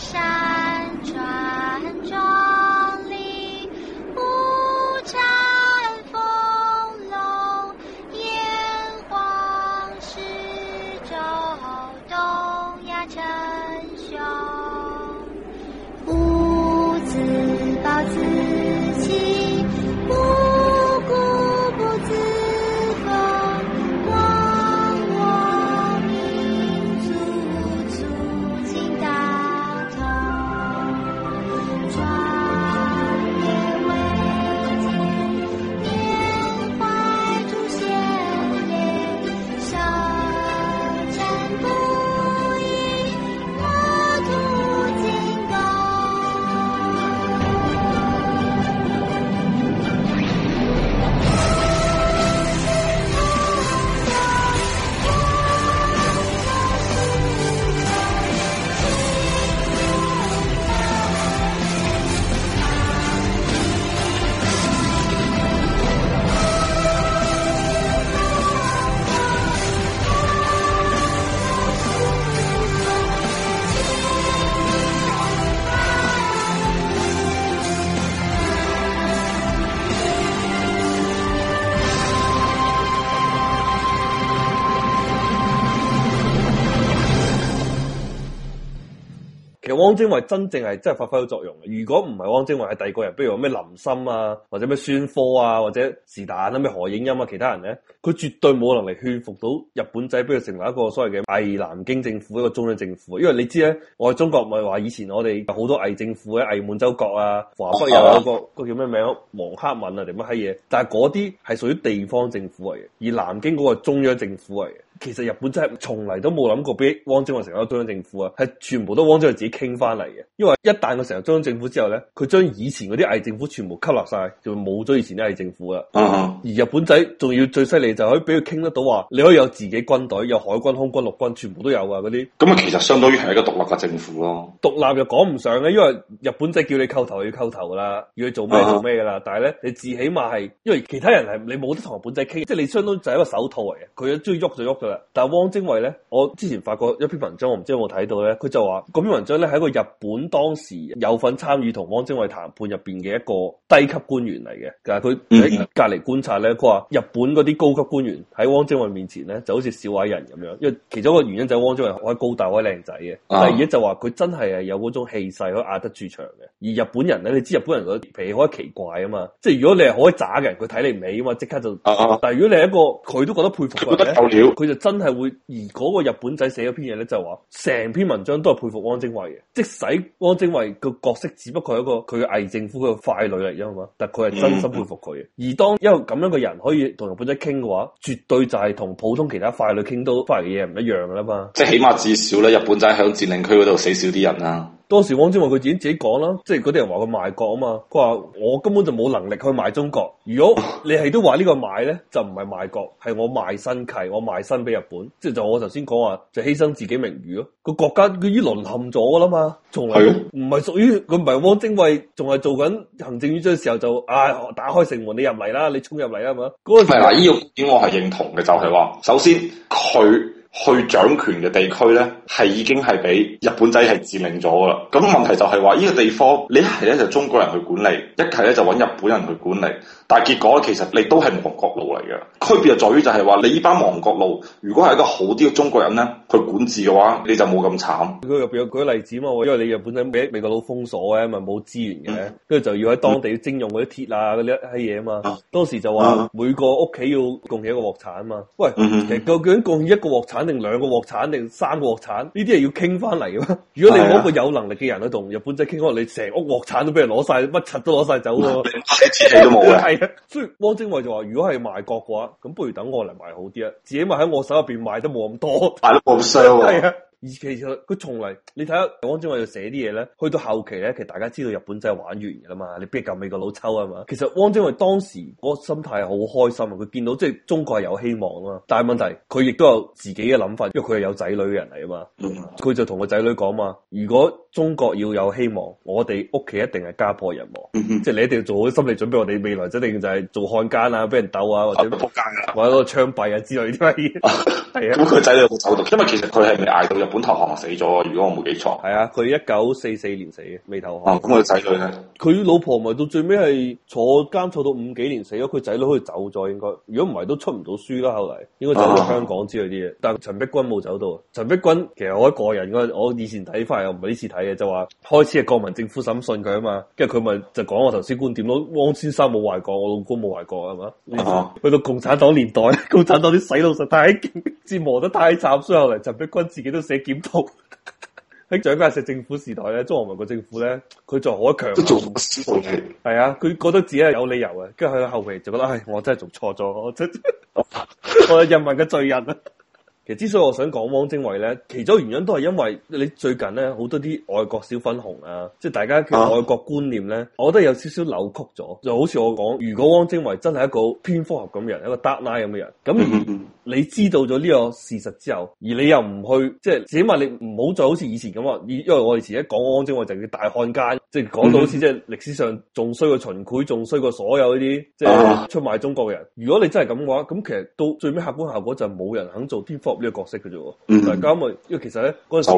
沙。汪精衛真正係真係發揮咗作用嘅，如果唔係汪精衛係第二個人，比如話咩林森啊，或者咩孫科啊，或者是蛋啊咩何應欽啊，其他人咧，佢絕對冇能力勸服到日本仔，不如成為一個所謂嘅偽南京政府一個中央政府，因為你知咧，我哋中國唔係話以前我哋有好多偽政府嘅，偽滿洲國啊，華北又有，嗰個個叫咩名啊？王克敏啊定乜閪嘢，但係嗰啲係屬於地方政府嚟嘅，而南京嗰個中央政府嚟嘅。其實日本真係從嚟都冇諗過俾汪精衛成立中央政府啊，係全部都汪精衛自己傾翻嚟嘅。因為一旦佢成立中央政府之後咧，佢將以前嗰啲偽政府全部吸納晒，就冇咗以前啲偽政府啊、uh huh. 而日本仔仲要最犀利就可以俾佢傾得到話，你可以有自己軍隊、有海軍、空軍、陸軍，全部都有啊！嗰啲咁啊，其實相當於係一個獨立嘅政府咯、啊。獨立又講唔上嘅，因為日本仔叫你叩頭要叩頭啦，要你做咩做咩啦。Uh huh. 但係咧，你自起碼係因為其他人係你冇得同日本仔傾，即係你相當就係一個手套嚟嘅。佢一追喐就喐但係汪精衛咧，我之前發過一篇文章，我唔知有冇睇到咧。佢就話嗰篇文章咧，係一個日本當時有份參與同汪精衛談判入邊嘅一個低級官員嚟嘅。但係佢喺隔籬觀察咧，佢話日本嗰啲高級官員喺汪精衛面前咧，就好似小矮人咁樣。因為其中一個原因就係汪精衛可以高大，可以靚仔嘅。但係而家就話佢真係係有嗰種氣勢可以壓得住場嘅。而日本人咧，你知日本人個脾氣好鬼奇怪噶嘛？即係如果你係可以渣嘅人，佢睇你唔起啊嘛，即刻就。但係如果你係一個佢都覺得佩服嘅咧，佢就。真係會，而嗰個日本仔寫嗰篇嘢咧，就話、是、成篇文章都係佩服汪精衛嘅，即使汪精衛個角色只不過係一個佢嘅偽政府嘅傀儡嚟啫嘛，但佢係真心佩服佢。嘅、嗯。嗯、而當一個咁樣嘅人可以同日本仔傾嘅話，絕對就係同普通其他傀儡傾都翻嚟嘅嘢唔一樣噶啦嘛。即係起碼至少咧，日本仔響佔領區嗰度死少啲人啦。當時汪精衛佢自己自己講啦，即係嗰啲人話佢賣國啊嘛，佢話，我根本就冇能力去賣中國。如果你係都話呢個賣咧，就唔係賣國，係我賣身契，我賣身俾日本。即係就我頭先講話，就犧牲自己名譽咯。個國家佢已經淪陷咗噶啦嘛，從嚟唔係屬於佢，唔係汪精衛，仲係做緊行政院長時候就唉、啊、打開城門你入嚟啦，你衝入嚟啊係嘛嗰陣時，嗱，呢個點我係認同嘅，就係話首先佢。去掌權嘅地區咧，係已經係俾日本仔係佔領咗噶啦。咁問題就係話，依、這個地方你一係咧就中國人去管理，一係咧就揾日本人去管理。但係結果其實你都係亡國奴嚟嘅。區別就在於就係話，你依班亡國奴，如果係一個好啲嘅中國人咧，去管治嘅話，你就冇咁慘。佢入邊有舉例子嘛，因為你日本仔俾美國佬封鎖嘅，咪冇資源嘅，跟住、嗯、就要喺當地徵用嗰啲鐵啊嗰啲係嘢啊嘛。啊當時就話、啊啊、每個屋企要貢獻一個鑊鏟啊嘛。喂，其實究竟貢獻一個鑊鏟？肯定兩個鑊鏟定三個鑊鏟，呢啲係要傾翻嚟嘅。如果你冇一個有能力嘅人去同日本仔傾，可能的你成屋鑊鏟都俾人攞晒，乜柒都攞晒走喎，一啲都冇啊。係啊，所以汪精衛就話：如果係賣國嘅話，咁不如等我嚟賣好啲啦。自己咪喺我手入邊賣得冇咁多，賣 得冇咁衰咯。 而其實佢從嚟，你睇下汪精衛要寫啲嘢咧，去到後期咧，其實大家知道日本仔係玩完嘅啦嘛，你不如教美國佬抽啊嘛。其實汪精衛當時嗰個心態係好開心啊，佢見到即係中國係有希望啦。但係問題佢亦都有自己嘅諗法，因為佢係有仔女嘅人嚟啊嘛。佢、嗯、就同個仔女講嘛：如果中國要有希望，我哋屋企一定係家破人亡，即係、嗯、哼你一定要做好心理準備，我哋未來一定就係做漢奸啊，俾人鬥啊，或者仆街啦，或者嗰個槍斃啊之類啲乜嘢。係 啊，咁佢仔女好冇走，因為其實佢係未挨到日本投降死咗。如果我冇記錯，係啊，佢一九四四年死嘅，未投降。咁佢仔女咧？佢老婆咪到最尾係坐監坐到五幾年死咗，佢仔女好似走咗應該。如果唔係都出唔到書啦。後嚟應該走到香港之類啲嘢。Uh huh. 但陳碧君冇走到。陳碧君其實我一個人嗰陣，我以前睇法又唔係呢次睇嘅，就話開始係國民政府審訊佢啊嘛。跟住佢咪就講我頭先觀點咯。汪先生冇懷國，我老公冇懷國啊嘛、uh huh。去到共產黨年代，共產黨啲洗腦實太勁，折磨得太慘，所以後嚟陳碧君自己都死。檢討喺蔣介石政府時代咧，中華民國政府咧，佢仲好強，係啊，佢 覺得自己係有理由嘅，跟住佢後悔，就覺得唉，我真係做錯咗，我係 人民嘅罪人啊！其實之所以我想講汪精衛咧，其中原因都係因為你最近咧好多啲外國小粉紅啊，即係大家嘅外國觀念咧，啊、我覺得有少少扭曲咗。就好似我講，如果汪精衛真係一個蝙蝠俠咁嘅人，一個 Dark Knight 咁嘅人，咁你知道咗呢個事實之後，而你又唔去，即係起碼你唔好再好似以前咁啊。因為我以前一講汪精衛就叫大漢奸，啊、即係講到好似即係歷史上仲衰過秦檜，仲衰過所有呢啲即係出賣中國嘅人。如果你真係咁嘅話，咁其實到最尾，客觀效果就係冇人肯做蝙蝠俠。呢個角色嘅啫，嗯，大家咪因為其實咧嗰陣時，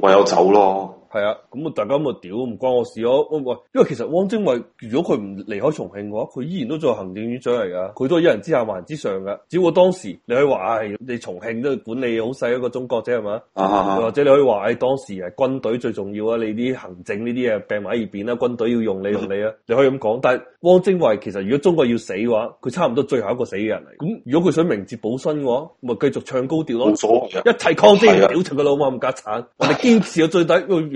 唯是有走咯。係啊，咁啊，大家咁屌，唔關我事咯。喂，因為其實汪精衛如果佢唔離開重慶嘅話，佢依然都做行政院長嚟噶，佢都係一人之下萬人之上噶。只不過當時你可以話，唉，你重慶都管理好細一個中國啫，係嘛？啊,啊,啊，或者你可以話，唉，當時係軍隊最重要啊，你啲行政呢啲嘢病埋喺入邊啦，軍隊要用你用你啊，嗯、你可以咁講。但係汪精衛其實如果中國要死嘅話，佢差唔多最後一個死嘅人嚟。咁如果佢想明哲保身嘅話，咪繼續唱高調咯，一齊抗爭，屌佢、啊、老母咁夾鏟，我哋堅持到最底。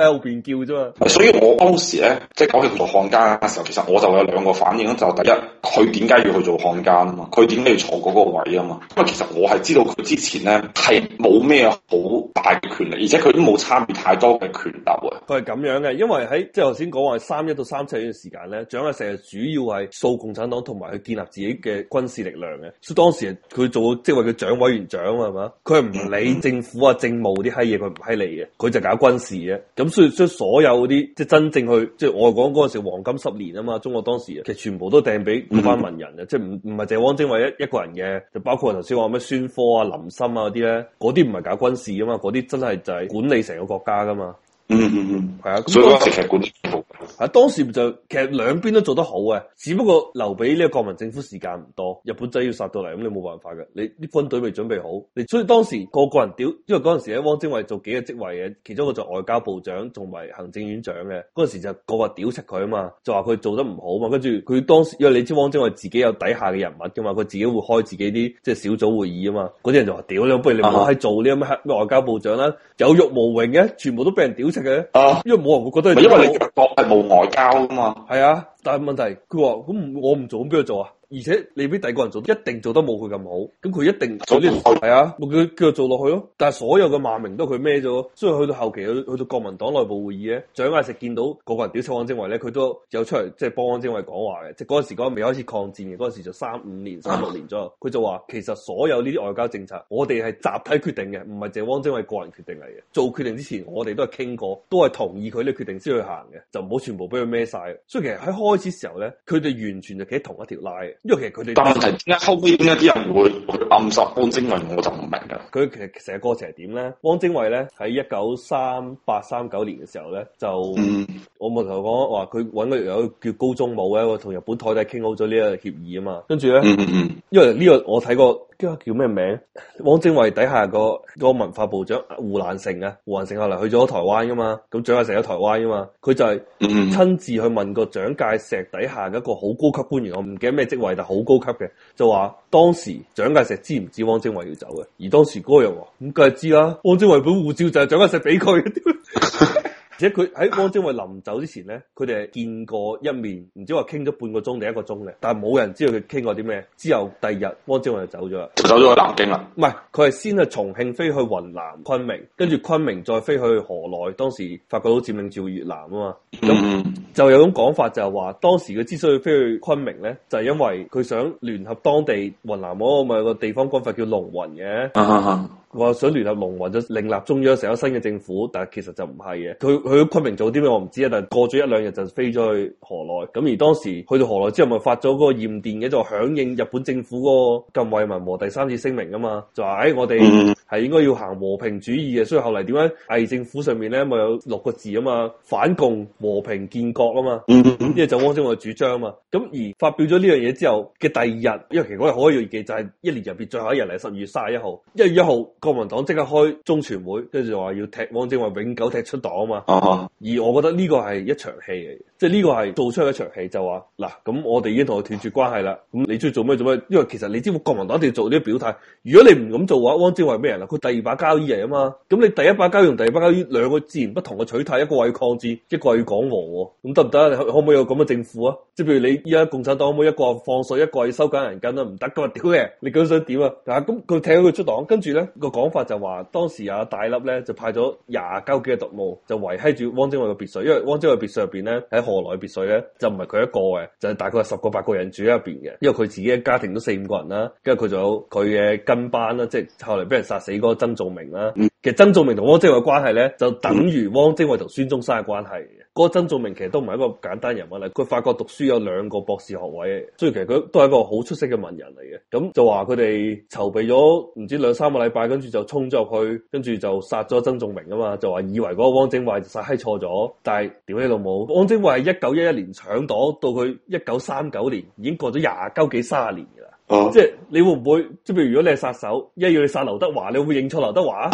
喺後邊叫啫嘛，所以我當時咧，即係講佢做漢奸嘅時候，其實我就有兩個反應就是、第一，佢點解要去做漢奸啊嘛？佢點解要坐嗰個位啊嘛？因為其實我係知道佢之前咧係冇咩好大嘅權力，而且佢都冇參與太多嘅權鬥啊。佢係咁樣嘅，因為喺即係頭先講話三一到三七呢段時間咧，蔣介石日主要係掃共產黨同埋去建立自己嘅軍事力量嘅。所以當時佢做即係話佢蔣委員長啊嘛，佢係唔理政府啊、嗯、政務啲閪嘢，佢唔閪嚟嘅，佢就搞軍事嘅咁。所以將所有嗰啲即係真正去即係我講嗰陣時黃金十年啊嘛，中國當時啊，其實全部都掟俾嗰班文人啊，嗯、即係唔唔係淨係汪精衛一一個人嘅，就包括頭先話咩孫科啊、林森啊嗰啲咧，嗰啲唔係搞軍事啊嘛，嗰啲真係就係管理成個國家噶嘛，嗯嗯嗯，係、嗯嗯、啊，所以嗰陣時係管理。啊！當時就其實兩邊都做得好嘅，只不過留俾呢個國民政府時間唔多，日本仔要殺到嚟咁，你冇辦法嘅。你啲軍隊未準備好，你所以當時個個人屌，因為嗰陣時汪精衛做幾個職位嘅，其中一個就外交部長同埋行政院長嘅，嗰陣時就個個屌柒佢啊嘛，就話佢做得唔好啊嘛，跟住佢當時因為你知汪精衛自己有底下嘅人物㗎嘛，佢自己會開自己啲即係小組會議啊嘛，嗰啲人就話屌、啊、你，不如你唔好喺做呢咁嘅外交部長啦，有辱無榮嘅，全部都俾人屌柒嘅，啊，因為冇人會覺得。因為你國係冇。外交啊嘛，係啊。但係問題，佢話咁我唔做，咁邊個做啊？而且你俾第二個人做，一定做得冇佢咁好。咁佢一定做啲，係啊，佢佢做落去咯。但係所有嘅罵名都佢孭咗，所以去到後期去到國民黨內部會議咧，蔣介石見到個個人屌臭汪精衛咧，佢都有出嚟即係幫汪精衛講話嘅。即係嗰陣時，嗰陣未開始抗戰嘅嗰陣時，就三五年、三六年左右，佢就話其實所有呢啲外交政策，我哋係集體決定嘅，唔係淨係汪精衛個人決定嚟嘅。做決定之前，我哋都係傾過，都係同意佢呢決定先去行嘅，就唔好全部俾佢孭晒。所以其實喺開始時候咧，佢哋完全就企喺同一條 line 嘅，因為其實佢哋但係點解後邊點解啲人會暗殺汪精衛，我就唔明白。佢其實成個過程係點咧？汪精衛咧喺一九三八三九年嘅時候咧，就、嗯、我冇同佢講話，佢搵個友叫高宗武咧，我同日本台底傾好咗呢個協議啊嘛。跟住咧，嗯嗯、因為呢個我睇過叫叫咩名？汪精衛底下、嗰個、嗰個文化部長胡蘭成啊，胡蘭成後來去咗台灣噶嘛，咁蔣介石喺台灣噶嘛，佢就係親自去問過蔣介石底下嘅一個好高級官員，我唔記得咩職位，但係好高級嘅，就話。當時蔣介石知唔知汪精衛要走嘅？而當時哥又話：「咁梗係知啦、啊，汪精衛本護照就係蔣介石俾佢嘅。」而且佢喺汪精衛臨走之前咧，佢哋係見過一面，唔知話傾咗半個鐘定一個鐘咧，但係冇人知道佢傾過啲咩。之後第二日，汪精衛就走咗啦，走咗去南京啦。唔係，佢係先係重慶飛去雲南昆明，跟住昆明再飛去河內。當時法國佬佔領咗越南啊嘛，咁就有種講法就係話，當時佢之所以飛去昆明咧，就係因為佢想聯合當地雲南嗰個咪個地方軍閥叫龍雲嘅。啊啊啊話想聯合龍雲，就另立中央，成咗新嘅政府，但係其實就唔係嘅。佢佢喺昆明做啲咩我唔知啊，但係過咗一兩日就飛咗去河內。咁而當時去到河內之後，咪發咗嗰個艷電嘅，就響應日本政府嗰個《近衛文麿》第三次聲明啊嘛，就話喺、哎、我哋。嗯係應該要行和平主義嘅，所以後嚟點解偽政府上面咧咪有六個字啊嘛？反共和平建國啊嘛？因為 就汪精衛主張啊嘛。咁而發表咗呢樣嘢之後嘅第二日，因為其實我係可以記就係、是、一年入邊最後一日嚟，十二月三十一號，一月一號，國民黨即刻開中全會，跟住就話要踢汪精衛永久踢出黨啊嘛。 而我覺得呢個係一場戲嚟。即係呢個係做出一場戲，就話嗱，咁我哋已經同佢斷絕關係啦。咁你中意做咩做咩？因為其實你知唔知國民黨一定要做呢啲表態？如果你唔咁做嘅話，汪精衛咩人啊？佢第二把交椅嚟啊嘛。咁你第一把交椅同第二把交椅兩個截然不同嘅取態，一個係抗戰，一個係講和喎。咁得唔得啊？你可唔可以有咁嘅政府啊？即係譬如你依家共產黨可唔可以一個放水，一個要收緊銀根都唔得㗎嘛！屌你，你究竟想點啊？但係，咁佢踢咗佢出黨，跟住咧個講法就話，當時啊戴笠咧就派咗廿交幾嘅特務就圍閪住汪精衛個別墅，因為汪精衛別墅入邊咧喺。河內別墅咧就唔係佢一個嘅，就係、是、大概係十個八個人住喺入邊嘅，因為佢自己嘅家庭都四五個人啦，跟住佢仲有佢嘅跟班啦，即係後嚟俾人殺死嗰個曾仲鳴啦。嗯其實曾仲明同汪精衛嘅關係咧，就等於汪精衛同孫中山嘅關係。嗰、那個曾仲明其實都唔係一個簡單人物嚟，佢法國讀書有兩個博士學位，所以其實佢都係一個好出色嘅文人嚟嘅。咁就話佢哋籌備咗唔知兩三個禮拜，跟住就衝咗入去，跟住就殺咗曾仲明啊嘛。就話以為嗰個汪精衛就殺閪錯咗，但係屌你老母，汪精衛係一九一一年搶黨，到佢一九三九年已經過咗廿九幾卅年噶啦。哦、即係你會唔會即係譬如如果你係殺手，一要去殺劉德華，你會唔會認錯劉德華？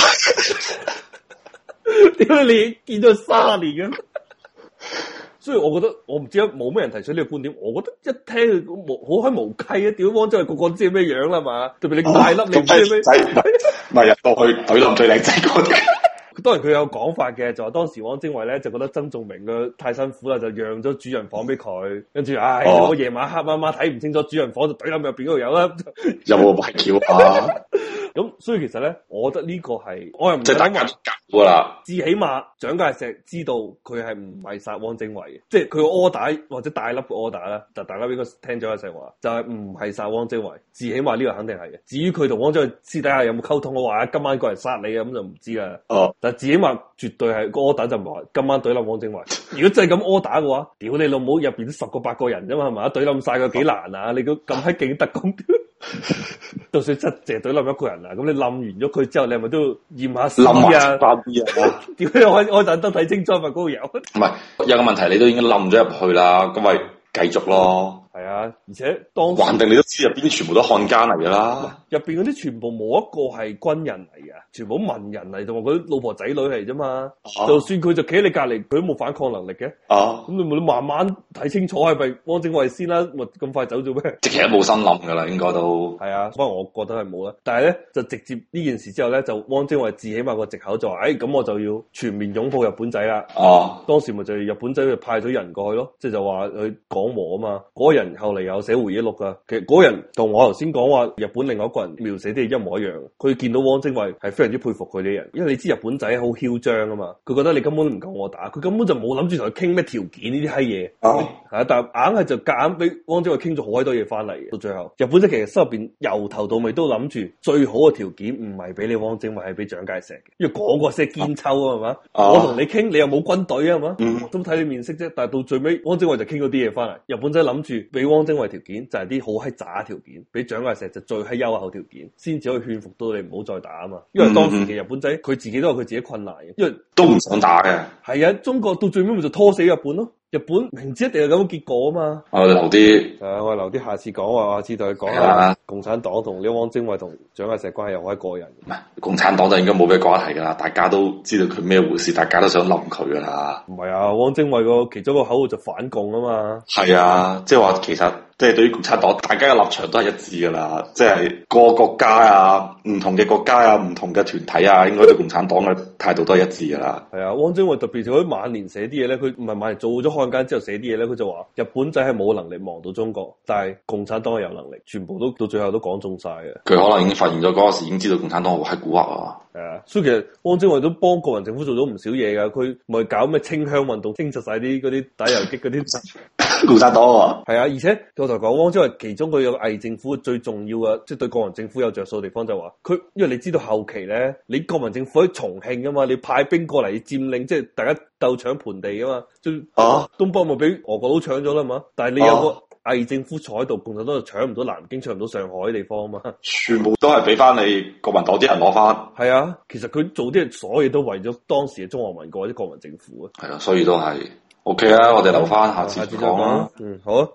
點解 你見咗佢三年嘅？ 所以我覺得我唔知冇咩人提出呢個觀點。我覺得一聽佢無好開無稽啊！屌汪真係個個都知係咩樣啦嘛，哦、特別你大粒靚仔，唔係入到去懟林最靚仔嗰啲。 當然佢有講法嘅，就係、是、當時汪精華衛咧就覺得曾仲明嘅太辛苦啦，就讓咗主人房俾佢，跟住唉，我夜晚黑晚晚睇唔清楚主人房就懟喺入邊嗰度有啦，有冇白橋啊！有 咁所以其實咧，我覺得呢個係我又唔就等雲㗎啦。至起碼蔣介石知道佢係唔係殺汪精衛嘅，即係佢 order 或者大粒 order 啦。就大家應該聽咗蔣介石話，就係唔係殺汪精衛。至起碼呢個肯定係嘅。至於佢同汪精衛私底下有冇溝通，嘅話今晚個人殺你啊，咁就唔知啦。哦，但至起碼絕對係 order 就話今晚懟冧汪精衛。如果真係咁 order 嘅話，屌你老母入邊都十個八個人啫嘛，係嘛？懟冧晒佢幾難啊？你都咁閪勁特工。 就算真係成隊冧一個人啊，咁你冧完咗佢之後，你係咪都要驗下屍啊？點解 我我等得睇清楚咪嗰個人？唔 係有個問題，你都已經冧咗入去啦，咁咪繼續咯。係啊，而且當時橫掂你都知入邊全部都漢奸嚟噶啦，入邊嗰啲全部冇一個係軍人嚟嘅，全部文人嚟，同埋佢老婆仔女嚟啫嘛。啊、就算佢就企喺你隔籬，佢都冇反抗能力嘅。咁、啊、你慢慢睇清楚係咪汪精衛先啦、啊？咪咁快走咗咩？即係都冇心諗噶啦，應該都係啊。所以我覺得係冇啦。但係咧就直接呢件事之後咧，就汪精衛至起碼有個籍口就話，哎，咁我就要全面擁抱日本仔啦。啊、當時咪就係日本仔就派咗人過去咯，即係就話、是、去講和啊嘛。嗰人。後嚟有寫回憶錄噶其實嗰人同我頭先講話日本另外一個人描寫都係一模一樣。佢見到汪精衛係非常之佩服佢呢人，因為你知日本仔好囂張啊嘛，佢覺得你根本都唔夠我打，佢根本就冇諗住同佢傾咩條件呢啲閪嘢。係啊，但硬係就夾硬俾汪精衛傾咗好多嘢翻嚟。到最後，日本仔其實心入邊由頭到尾都諗住最好嘅條件唔係俾你汪精衛，係俾蔣介石嘅，因為嗰個先係堅秋啊嘛。吧啊我同你傾，你又冇軍隊啊嘛，嗯、都睇你面色啫。但到最尾，汪精衛就傾咗啲嘢翻嚟，日本仔諗住。俾汪精衛條件就係啲好閪渣條件，俾蔣介石就最閪優厚條件，先至可以勸服到你唔好再打啊嘛。因為當時嘅日本仔佢自己都有佢自己困難嘅，因為都唔想打嘅。係啊，中國到最尾咪就拖死日本咯。日本明知一定係咁嘅結果啊嘛，我哋、啊、留啲、啊，我哋留啲下次講話，下次佢講下啊。共產黨同你汪精衛同蔣介石關係又可以個人，唔係共產黨就應該冇咩關係噶啦，大家都知道佢咩回事，大家都想冧佢噶啦。唔係啊，汪精衛個其中一個口號就反共啊嘛。係啊，即係話其實。即係對於共產黨，大家嘅立場都係一致噶啦。即係個國家啊，唔同嘅國家啊，唔同嘅團體啊，應該對共產黨嘅態度都係一致噶啦。係啊，汪精衛特別係佢晚年寫啲嘢咧，佢唔係晚年做咗漢奸之後寫啲嘢咧，佢就話日本仔係冇能力亡到中國，但係共產黨係有能力，全部都到最後都講中晒嘅。佢可能已經發現咗嗰個時，已經知道共產黨係蠱惑啊。係啊，所以其實汪精衛都幫國民政府做咗唔少嘢噶，佢唔係搞咩清鄉運動，清除晒啲嗰啲打游擊嗰啲。 固執多，係啊,啊！而且我頭講汪精衛，其中佢有個偽政府最重要嘅，即係對國民政府有着數嘅地方就，就話佢，因為你知道後期咧，你國民政府喺重慶噶嘛，你派兵過嚟佔領，即係大家鬥搶盤地噶嘛，即係啊，東北咪俾俄國佬搶咗啦嘛，但係你有個偽政府坐喺度，共產黨就搶唔到南京，搶唔到上海嘅地方啊嘛，全部都係俾翻你國民黨啲人攞翻。係啊，其實佢做啲所有都為咗當時嘅中華民國或者國民政府啊。係啊，所以都係。O K 啦，okay, 啊、我哋留翻下，啊、下次再講啦。嗯，好啊。